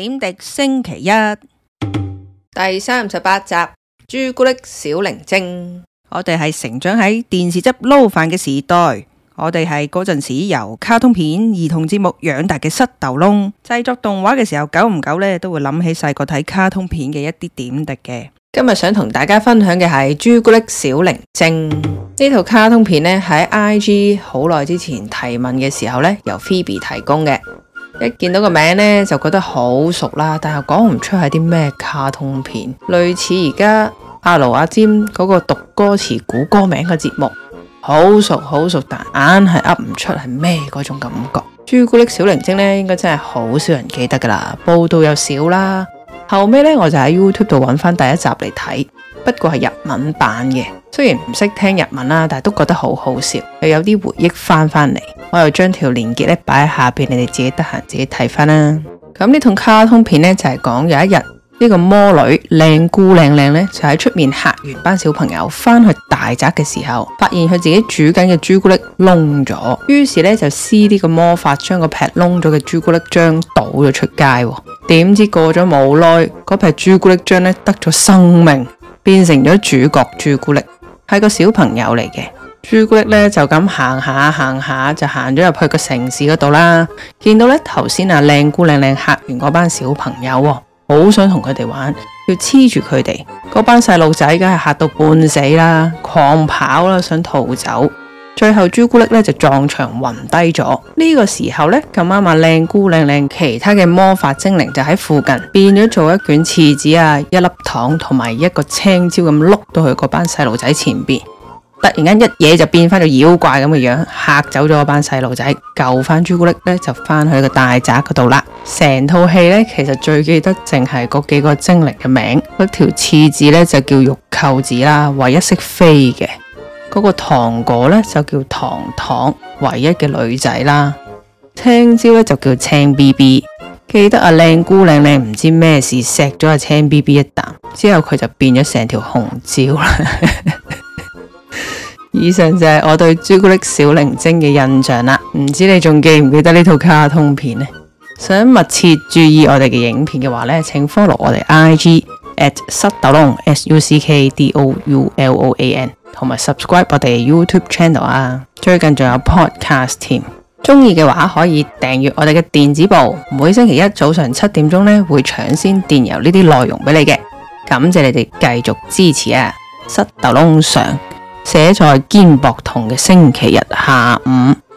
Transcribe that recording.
點滴星期一第三十八集《朱古力小靈精》。我哋係成長喺電視汁撈飯嘅時代，我哋係嗰陣時由卡通片、兒童節目養大嘅失斗窿。製作動畫嘅時候久久，久唔久咧都會諗起細個睇卡通片嘅一啲點滴嘅。今日想同大家分享嘅係《朱古力小靈精》。呢套卡通片呢，喺 IG 好耐之前提問嘅時候呢由 Phoebe 提供嘅。一見到個名咧，就覺得好熟啦，但係講唔出係啲咩卡通片，類似而家阿盧阿尖嗰個讀歌詞估歌名嘅節目，好熟好熟，但硬係噏唔出係咩嗰種感覺。朱古力小靈精咧，應該真係好少人記得噶啦，報導又少啦。後尾咧，我就喺 YouTube 度揾翻第一集嚟睇，不過係日文版嘅，雖然唔識聽日文啦，但係都覺得好好笑，又有啲回憶翻返嚟。我又將條鏈接咧擺喺下面，你哋自己得閒自己睇翻啦。咁呢套卡通片咧就係、是、講有一日呢、這個魔女靚姑靚靚咧，就喺出面嚇完班小朋友，翻去大宅嘅時候，發現佢自己煮緊嘅朱古力燶咗，於是咧就施啲個魔法，將個劈燶咗嘅朱古力漿倒咗出街。點知過咗冇耐，嗰批朱古力漿咧得咗生命，變成咗主角朱古力，係個小朋友嚟嘅。朱古力咧就咁行下行下，就行咗入去個城市嗰度啦。見到咧頭先啊靚姑靚靚嚇完嗰班小朋友，好想同佢哋玩，要黐住佢哋。嗰班細路仔梗係嚇到半死啦，狂跑啦，想逃走。最後朱古力咧就撞牆暈低咗。呢個時候咧，咁啱啊靚姑靚靚，其他嘅魔法精靈就喺附近變咗做一卷廁紙啊，一粒糖同埋一個青椒咁碌到去嗰班細路仔前邊。突然間一嘢就變翻咗妖怪咁嘅樣，嚇走咗班細路仔，救翻朱古力咧就翻去個大宅嗰度啦。成套戲咧其實最記得淨係嗰幾個精靈嘅名，嗰條廁紙咧就叫玉扣子啦，唯一識飛嘅。嗰、那個糖果咧就叫糖糖，唯一嘅女仔啦。青椒咧就叫青 B B，記得阿靚姑娘靚唔知咩事，錫咗阿青 B B 一啖，之後佢就變咗成條紅椒啦。 以上就係我對朱古力小靈精嘅印象啦，唔知你仲記唔記得呢套卡通片咧？想密切注意我哋嘅影片嘅話咧，請 follow 我哋 IG at suckdouloan，S-U-C-K-D-O-U-L-O-A-N，同埋 subscribe 我哋 YouTube channel 啊。最近仲有 podcast 添，中意嘅話可以訂閱我哋嘅電子報，每星期一早上七點鐘呢會搶先電郵呢啲內容俾你嘅。感謝你哋繼續支持啊，塞豆窿上。寫在肩膊痛嘅星期日下午。